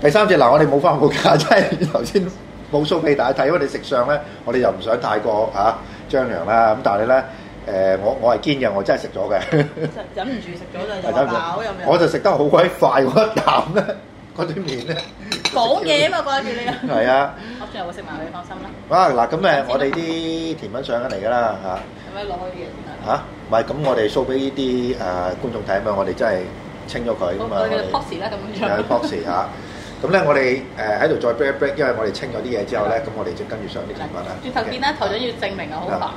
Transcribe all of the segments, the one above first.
第三隻嗱，我哋冇翻冇假，真係頭先冇 show 俾大家睇，因為我哋食相咧，我哋又唔想太過嚇、啊、張揚啦。咁但係咧，誒、啊、我我係堅嘅，我真係食咗嘅。忍唔住食咗 就又飽又咩？有有我就食得好鬼快嗰一啖咧，嗰啲麵咧。講嘢嘛，怪住你啊！係啊，我仲有會食埋你，放心啦、啊。啊嗱，咁誒，我哋啲甜品上緊嚟㗎啦嚇。係咪攞開啲嘢？唔係咁，我哋 show 俾啲誒觀眾睇啊嘛，我哋真係清咗佢咁啊。啦咁樣。有啲 post 嚇。咁咧，我哋誒喺度再 break 一 break，因為我哋清咗啲嘢之後咧，咁我哋就跟住上啲甜品啦。轉頭見啦，頭像要證明啊，好煩。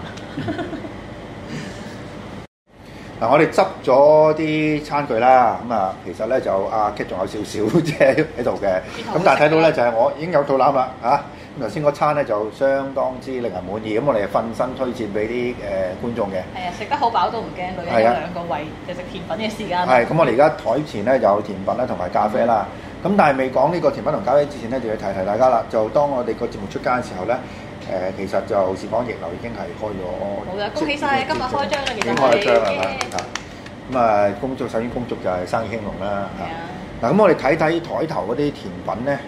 嗱，我哋執咗啲餐具啦，咁啊，其實咧就啊，Kit 仲有少少啫喺度嘅。咁但係睇到咧就係我已經有肚腩啦嚇。咁頭先個餐咧就相當之令人滿意，咁我哋啊瞓身推薦俾啲誒觀眾嘅。係啊，食得好飽都唔驚，女人兩個胃就食甜品嘅時間。係咁，我哋而家台前咧有甜品咧同埋咖啡啦。咁但係未講呢個甜品同咖啡之前咧，就要提提大家啦。就當我哋個節目出街嘅時候咧，誒、呃、其實就時光逆流已經係開咗。好啦的，經恭喜晒，經今日開張啦！已經開咗張係咁的啊，恭、嗯、祝首先恭祝就係生意興隆啦嚇。嗱咁的、啊、我哋睇睇台頭嗰啲甜品咧，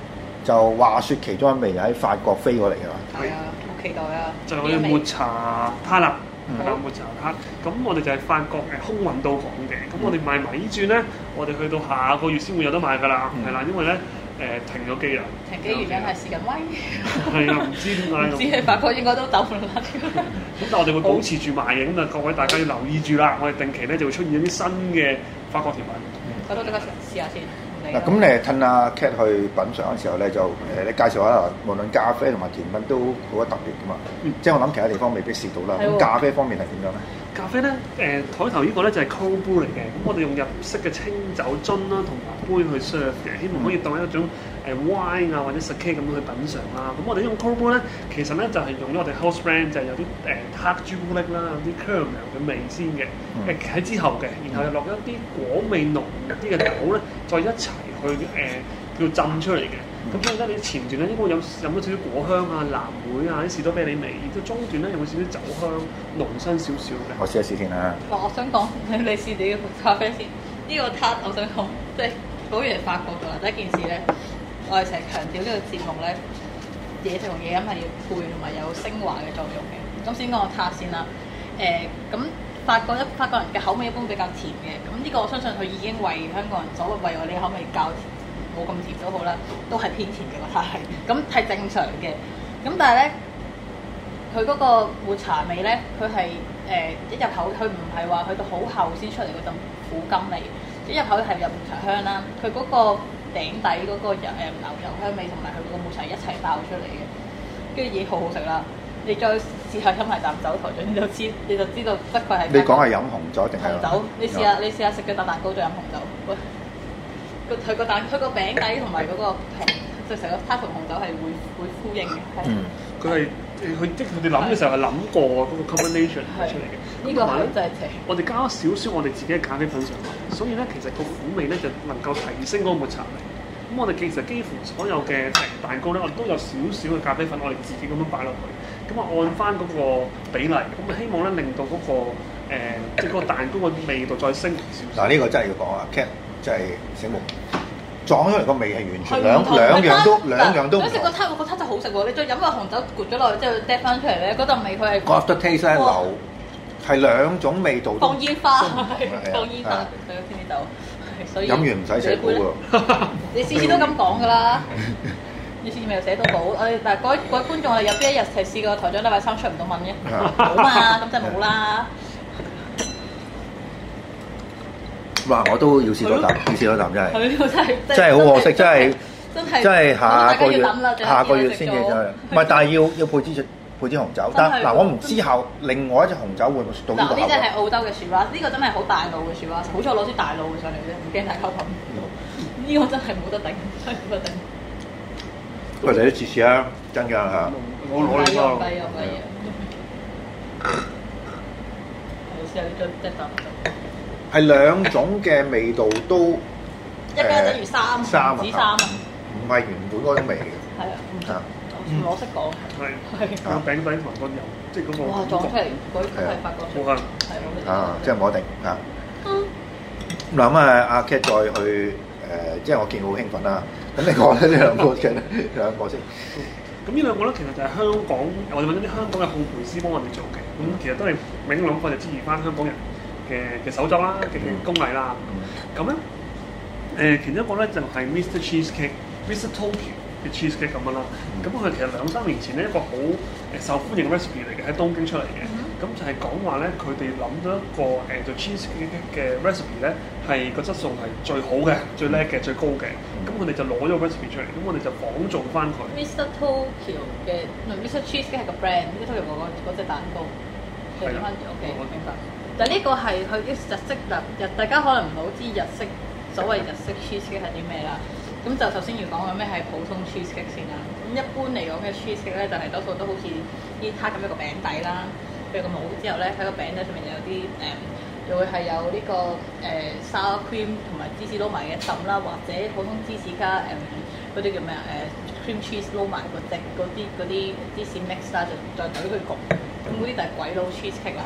就話説其中一味又喺法國飛過嚟㗎嘛。係啊的，好的期待啊！就好啲抹茶卡拿。係啦，抹茶黑。咁、hmm. 我哋就係法國誒空運到港嘅，咁我哋賣埋呢轉咧，我哋去到下個月先會有得賣㗎啦。係啦、mm hmm.，因為咧誒停咗機啊。停機原因係試緊喂。係啊，唔 知點解，那個。只係法國應該都凍啦。咁 但 我哋會保持住賣嘅，咁啊好各位大家要留意住啦。我哋定期咧就會出現一啲新嘅法國甜品。Mm hmm. 我都想試下先。試試試嗱，咁咧，趁 阿 Cat 去品嘗嘅時候咧，就誒，你介紹下，無論咖啡同埋甜品都好特別㗎嘛。嗯、即係我諗其他地方未必試到啦。咁、嗯、咖啡方面係點樣咧？咖啡咧，誒、呃、台頭個呢個咧就係、是、cold brew 嚟嘅，咁、嗯、我哋用日式嘅清酒樽啦同白杯去 serve 嘅，希望可以當一種誒、呃、wine 啊或者 sake 咁樣去品嚐啦。咁、嗯、我哋用 cold brew 咧，其實咧就係、是、用咗我哋 house brand，就係有啲誒、呃、黑朱古力啦、有啲 cream 嘅味先嘅，誒喺之後嘅，hmm. 然後又落一啲果味濃啲嘅豆咧，再一齊去誒、呃、叫浸出嚟嘅。咁所以咧，嗯、你前段咧應該有飲咗少少果香啊、藍莓啊啲士多啤梨味，而到中段咧有冇少少酒香濃身少少嘅？我試下試先啦、啊。我我想講你試你嘅咖啡先，呢、呢個塔我想講，即係好容易發覺嘅第一件事咧，我哋成日強調呢個節目咧，嘢食同嘢飲係要配同埋有升華嘅作用嘅。咁先講個塔先啦。誒、呃，咁法國一法國人嘅口味一般比較甜嘅，咁呢個我相信佢已經為香港人所為我，哋口味較甜。冇咁甜都好啦，都係偏甜嘅，但係咁係正常嘅。咁但係咧，佢嗰個抹茶味咧，佢係誒一入口，佢唔係話去到好厚先出嚟嗰陣苦甘味，一入口係入抹茶香啦。佢嗰個頂底嗰個油誒牛油香味同埋佢嗰個抹茶一齊爆出嚟嘅，跟住嘢好好食啦。你再試下飲埋啖酒，就你就知你就知道，不愧係。你講係飲紅酒定係紅酒？你試下你試下食咗大蛋糕再飲紅酒。佢佢個蛋佢個餅底同埋嗰個皮，就成個茶同紅酒係會會呼應嘅。佢係佢即係佢哋諗嘅時候係諗過嗰個 combination 的出嚟嘅。呢個就係、是、皮。我哋加少少我哋自己嘅咖啡粉上去。所以咧其實個苦味咧就能夠提升嗰個抹茶味。咁我哋其實幾乎所有嘅蛋糕咧，我哋都有少少嘅咖啡粉，我哋自己咁樣擺落去。咁我按翻嗰個比例，咁啊希望咧令到嗰、那個即係、呃就是、個蛋糕嘅味道再升少少。嗱呢個真係要講啊。真係醒目，撞咗嚟個味係完全兩兩樣都兩樣都唔同。食個餐我覺得真係好食喎！你再飲個紅酒攰咗落去之後，嗲翻出嚟咧，嗰陣味佢係 aftertaste 一流，係兩種味道都放煙花，放煙花，所以先至到。飲完唔使寫報告，你次次都咁講㗎啦，你次次咪又寫到到。我哋但係各位觀眾係有邊一日係試過台長禮拜三出唔到文嘅冇嘛？咁就冇啦。哇！我都要試咗啖， 要試一啖真係，真係好可惜，真係真係下個月，下個月先嘅真係。唔係 才能，但係要要配支配支紅酒。但嗱，我唔知後另外一隻紅酒會唔會到。嗱，呢隻係澳洲嘅雪花。呢、這個真係好大路嘅雪花，好彩攞支大路嘅上嚟啫，唔驚大家噴呢、這個真係冇得頂，冇得頂。不如嚟啲試試啊！真㗎吓，我攞呢個。 係兩種嘅味道都一加等於三，紙三唔係原本嗰種味嘅，係啊，我識講，係係個餅底同埋個油，即係嗰個，哇，撞出嚟嗰啲係法國菜，即係唔一定啊。嗱咁啊，阿 k 再去誒，即係我見好興奮啦。咁你講呢兩個先，兩個先。咁呢兩個咧，其實就係香港，我哋揾咗啲香港嘅烘焙師幫我哋做嘅。咁其實都係另一諗法，就支持翻香港人。嘅嘅手作啦，嘅工藝啦，咁咧誒，其中一個咧就係 Mr Cheesecake、Mr Tokyo 嘅 Cheesecake 咁樣啦。咁佢其實兩三年前咧一個好受歡迎嘅 recipe 嚟嘅，喺東京出嚟嘅。咁就係講話咧，佢哋諗咗一個誒做 Cheesecake 嘅 recipe 咧，係個質素係最好嘅、最叻嘅、最高嘅。咁佢哋就攞咗個 recipe 出嚟，咁我哋就仿造翻佢。Mr Tokyo 嘅，唔係 Mr Cheesecake 個 brand，即係東京嗰個嗰隻蛋糕。係。O.K. 我明白。就呢個係佢啲日式日日，大家可能唔係好知日式所謂日式 cheese cake 係啲咩啦。咁就首先要講下咩係普通 cheese cake 先啦。咁一般嚟講嘅 cheese cake 咧，就係多數都好似啲撻咁一個餅底啦，譬如個模之後咧，喺個餅底上面有啲誒、嗯，又會係有呢、這個誒、呃、沙 cream 同埋芝士撈埋嘅浸啦，或者普通芝士加誒嗰啲叫咩啊誒 cream cheese 撈埋個嗰啲嗰啲芝士 mix 啦，就再懟佢焗。咁嗰啲就係鬼佬 cheese cake 啦。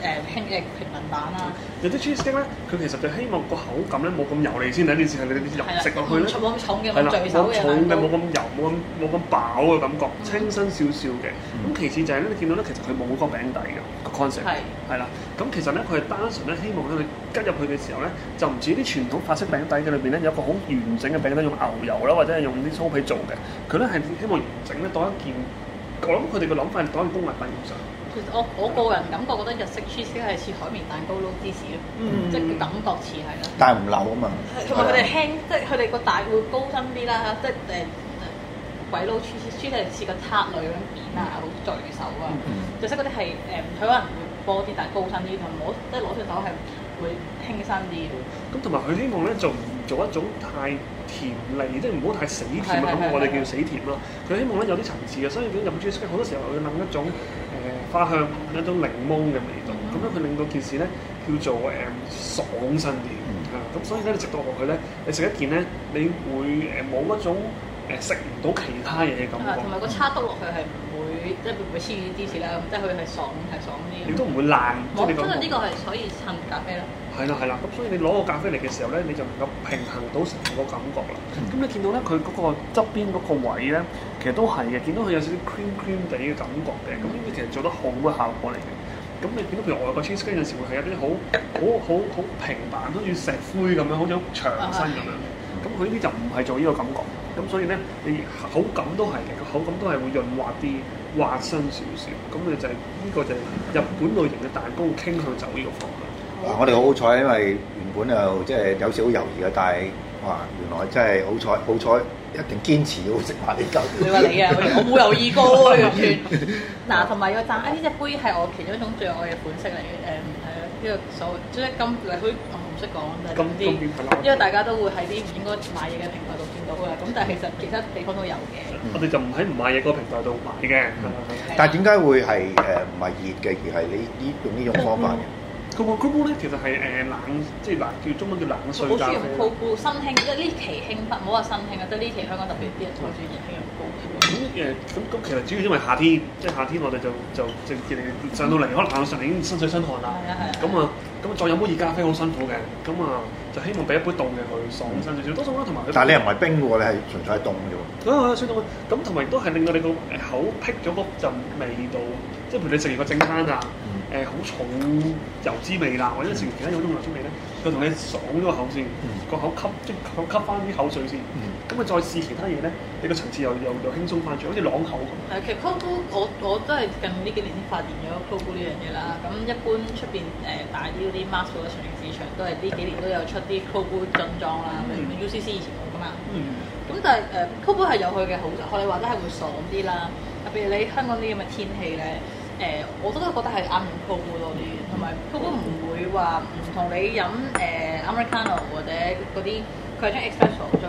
誒輕嘅平民版啦，有啲 cheesecake 咧，佢其實就希望個口感咧冇咁油膩先，第二件事係你哋啲肉食落去咧冇咁重嘅罪手嘅，冇咁冇咁油，冇咁冇咁飽嘅感覺，清新少少嘅。咁其次就係咧，你見到咧，其實佢冇嗰個餅底嘅 concept，係啦。咁其實咧，佢係單純咧希望咧，你吉入去嘅時候咧，就唔似啲傳統法式餅底嘅裏邊咧有一個好完整嘅餅底，用牛油啦或者係用啲酥皮做嘅。佢咧係希望完整咧當一件，我諗佢哋嘅諗法係當一件工藝品咁就。其實我我個人感覺覺得日式 cheese 咧係似海綿蛋糕撈芝士咯，嗯、即係感覺似係啦。但係唔流啊嘛，同埋佢哋輕，啊、即係佢哋個大會高身啲啦，即係誒鬼佬 cheese，cheese 係似個塔類嗰種扁啊，好、嗯、聚手啊。就識嗰啲係誒，佢、呃、可能會波啲，但係高身啲同攞，即係攞隻手係。會輕身啲嘅、嗯，咁同埋佢希望咧就唔做一種太甜膩，即係唔好太死甜啊，咁 我哋叫死甜咯。佢 希望咧有啲層次嘅，所以佢入咗去，好多時候會諗一種誒、呃、花香，一種檸檬嘅味道。咁樣佢令到件事咧叫做誒、呃、爽身啲咁，所以咧你食到落去咧，你食一件咧，你會誒冇、呃、一種誒食唔到其他嘢嘅感覺，同埋、嗯嗯嗯、個叉刀落去係。即係會唔會黐住啲芝士啦？即係佢係爽，係爽啲。亦都唔會爛。冇不，因為呢個係可以襯咖啡咯。係啦，係啦，咁所以你攞個咖啡嚟嘅時候咧，你就能夠平衡到成個感覺啦。咁你見到咧，佢嗰個側邊嗰個位咧，其實都係嘅。見到佢有少少 cream cream 啲嘅感覺嘅，咁呢啲其實做得好嘅效果嚟嘅。咁你見到譬如我個 cheesecake 有時會係有啲好好好好平板，好似石灰咁樣，嗯、好似好長身咁樣。咁佢呢啲就唔係做呢個感覺。咁所以咧，你口感都係嘅，個口感都係會潤滑啲、滑身少少。咁佢就係呢個就係日本類型嘅蛋糕傾向走呢個方向。嗱，我哋好好彩，因為原本就即係有少少猶豫嘅，但係哇，原來真係好彩，好彩一定堅持要食埋呢嚿。你話你啊，我冇猶豫過喎，嗱，同埋 要讚呢隻、啊這個、杯係我其中一種最愛嘅款式嚟嘅。誒、呃，係、呃、咯，呢、呃這個所即係咁嚟去。就是出講，就是、因為大家都會喺啲唔應該買嘢嘅平台度見到㗎喇，咁但係其實其他地方都有嘅。我哋就唔喺唔買嘢嗰個平台度買嘅， 但係點解會係誒唔係熱嘅，而係你依用呢種方法嘅？佢個高帽咧，嗯、其實係誒冷，即係嗱，叫中文叫冷水。好中意高帽，因為興新興，即係呢期興不？唔好話新興啊，即呢期香港特別啲人坐住熱氣高嘅。咁咁咁其實主要因為夏天，即係夏天我，我哋就就就上到嚟，嗯、可能上到嚟已經身水身汗啦。係啊係啊，咁啊。咁再飲杯熱咖啡好辛苦嘅，咁啊就希望俾一杯凍嘅去爽身少少，嗯、多爽啦！同埋，但係你又唔係冰喎，你係純粹係凍嘅啫喎。咁啊，先生，咁同埋都係令到你個口辟咗嗰陣味道，即係陪你食完個正餐啊。誒好、呃、重油脂味啦，或者一成其他有種油脂味咧，佢同你爽咗個口先，個口吸即係吸翻啲口水先，咁啊再試其他嘢咧，你個層次又又又輕鬆翻住，好似朗口咁。係、嗯，嗯、其實 c o c o 我我都係近呢幾年先發現咗 c o c o 呢樣嘢啦。咁一般出邊誒大啲嗰啲 master 嘅場面市場都係呢幾年都有出啲 c o c o 樽裝啦，譬如 UCC 以前冇㗎嘛。咁、嗯嗯、但係誒、uh, c o c o 係有佢嘅好，我哋話都係會爽啲啦。特別你香港啲咁嘅天氣咧。我都覺得係啱用 Coco 多啲，同埋 Coco 唔會話唔同你飲誒、呃、Americano 或者嗰啲，佢係將 espresso 再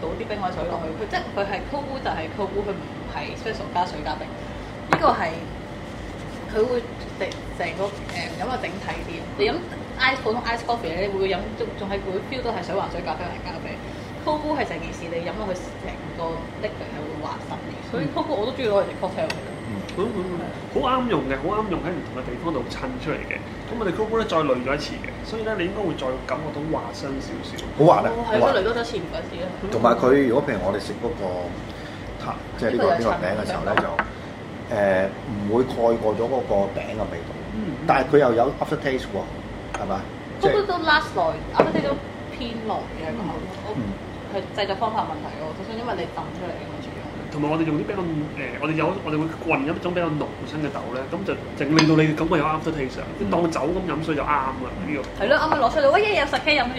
倒啲冰塊水落去，佢即係佢係 Coco，就係 Coco。佢唔係 special 加水加冰。呢、這個係佢會整成個誒飲、呃、個整體啲。你飲 i 普通 ice coffee 咧，會飲都仲係會 feel 到係水還水，咖啡還咖啡。Coco 係成件事，你飲落去成個的確係會滑順嘅。所以 Coco 我都中意攞嚟 cortado。好啱用嘅，好啱用喺唔同嘅地方度襯出嚟嘅。咁我哋 Q Q 咧再累咗一次嘅，所以咧你應該會再感覺到滑身少少。好滑啊！係咯，累多咗一次唔怪事啦。同埋佢如果譬如我哋食嗰個塔，即係呢個呢個餅嘅時候咧，就誒唔會蓋過咗嗰個餅嘅味道。嗯。但係佢又有 after taste 喎，係咪？Q 都 last long，Q Q 都偏 long 嘅咁咯。我唔係製作方法問題嘅就係因為你揼出嚟。同埋我哋用啲比較誒、呃，我哋有我哋會混一種比較濃身嘅豆咧，咁就整令到你嘅感覺啊有啱出氣上，當酒咁飲水就啱噶呢個。係咯、嗯，啱啊攞出嚟，我一日十 K 飲完。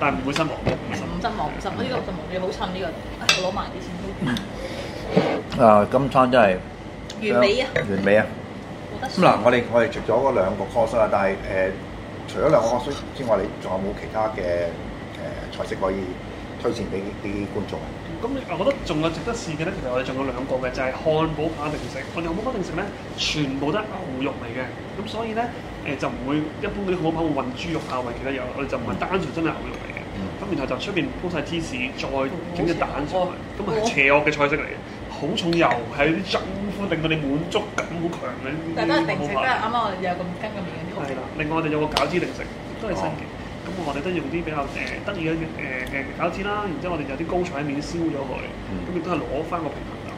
但係唔會失望，唔失望，唔失呢個就冇要好襯呢個攞埋啲先。啊，今餐真係完美啊！完美啊！咁嗱、嗯，我哋 我哋食咗嗰兩個 course 啦。但係誒、呃，除咗兩個 course 之外，你仲有冇其他嘅誒、呃、菜式可以推薦俾啲觀眾？咁我覺得仲有值得試嘅咧，其實我哋仲有兩個嘅，就係、是、漢堡扒定食。我哋漢堡包定食咧，全部都係牛肉嚟嘅，咁所以咧誒、呃、就唔會一般嗰啲漢堡扒會混豬肉啊，混其他油，我哋就唔係單純真係牛肉嚟嘅。咁、嗯、然後就出面鋪晒芝士，再整隻蛋出去，咁係邪惡嘅菜式嚟嘅，好、哦、重油，係啲汁，令到你滿足感好強嘅。強但係是、嗯、都係定食，都係啱啱我哋有咁跟個麵啦。對 okay. 另外我哋有個餃子定食，都係新嘅。哦哦我哋都用啲比較誒得意嘅誒嘅餃子啦，然之後我哋有啲高菜喺面燒咗佢，咁亦都係攞翻個平衡度。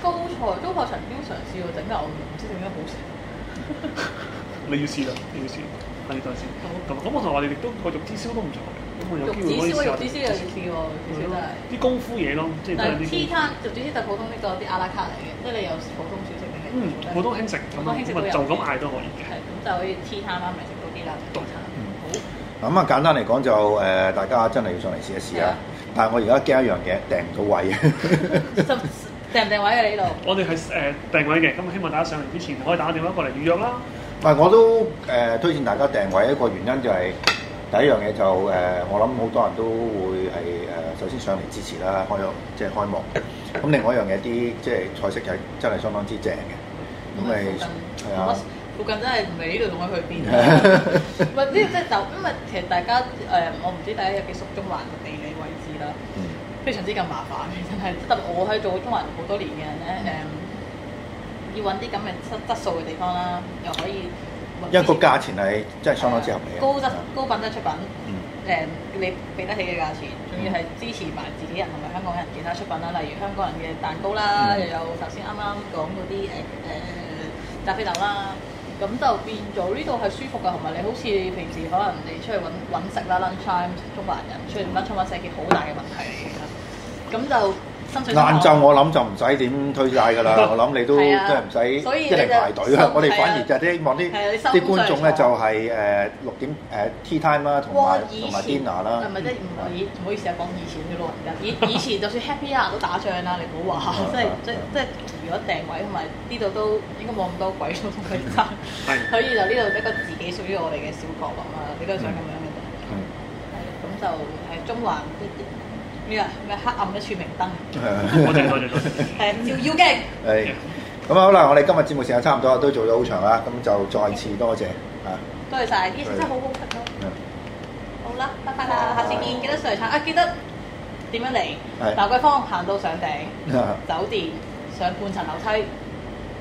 高菜都菜常經常試喎，整得我唔知點解好食。 你要試啊！你要試，下次再試。咁我同我哋亦都個肉支燒都唔錯嘅，咁我有機會可以試都試是。啲功夫嘢咯，即係。但係私餐肉就普通呢、呢個啲阿拉卡嚟嘅，即係有普通小食嚟嘅。普通輕食咁啊，就咁嗌都可以嘅。咁就可以私餐啊，咪食到啲啦。多咁啊，簡單嚟講就誒，大家真係要上嚟試一試啊！了但係我而家驚一樣嘢，訂唔到位。就訂唔訂位啊？你呢度？我哋係誒訂位嘅，咁希望大家上嚟之前可以打個電話過嚟預約啦。唔係，我都誒、呃、推薦大家訂位，一個原因就係、是、第一樣嘢就誒、呃，我諗好多人都會係誒，首先上嚟支持啦，開咗即係開幕。咁另外一樣嘢，啲即係菜式係真係相當之正嘅，咁你。係啊。附近真係唔係呢度，同佢去邊啊？或者即係就因為其實大家誒、呃，我唔知大家有幾熟中環嘅地理位置啦。非常之咁麻煩，真係特別我喺做中環好多年嘅人咧，嗯、要揾啲咁嘅質質素嘅地方啦，又可以因為個價錢係真係相當之合理。高質高品質出品。誒、嗯，你俾、嗯、得起嘅價錢，仲要係支持埋自己人同埋香港人其他出品啦，例如香港人嘅蛋糕啦，嗯、又有頭先啱啱講嗰啲誒誒炸飛豆啦。咁就變咗呢度係舒服㗎，同埋你好似平時可能你出去揾揾食啦，lunchtime、中環人出去唔得，lunch time 係一件好大嘅問題啦。咁就～晏晝我諗就唔使點推介噶啦，我諗你都真係唔使即係排隊啦。我哋反而就係希望啲啲觀眾咧就係誒六點誒 tea time 啦，同埋同埋 dinner 啦。係咪啫？唔係，唔好意思啊，講以前嘅老人，而家以以前就算 Happy Hour 都打仗啦。你唔好話，即係即即如果訂位同埋呢度都應該冇咁多鬼佬同佢爭。係所以就呢度一個自己屬於我哋嘅小角落咁啊，你都想咁樣嘅，係係咁就係中環啲。咩黑暗一串明燈，係，係 係， 係，唔照耀嘅。係， 咁啊好啦，我哋今日節目時間差唔多，都做咗好長啦，咁就再次多謝嚇。多謝曬，醫生真係好好嘅。嗯，好 啦，拜拜啦，下次見，記得上嚟睇，啊記得點樣嚟？蘭桂坊行到上頂酒店上半層樓梯。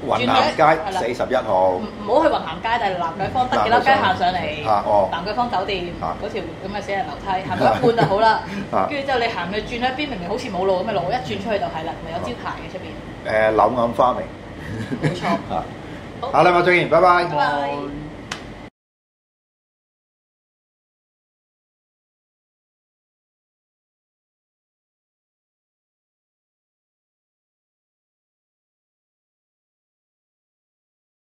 雲咸街四十一號，唔好去雲咸街，但係蘭桂坊得幾多街行上嚟，蘭桂坊酒店嗰條咁嘅死人樓梯行到一半就好啦。跟住之後你行去轉一邊，明明好似冇路咁嘅路，一轉出去就係啦，咪有招牌嘅出邊。誒，柳暗花明，冇錯。好，好，下禮拜，再見，拜拜。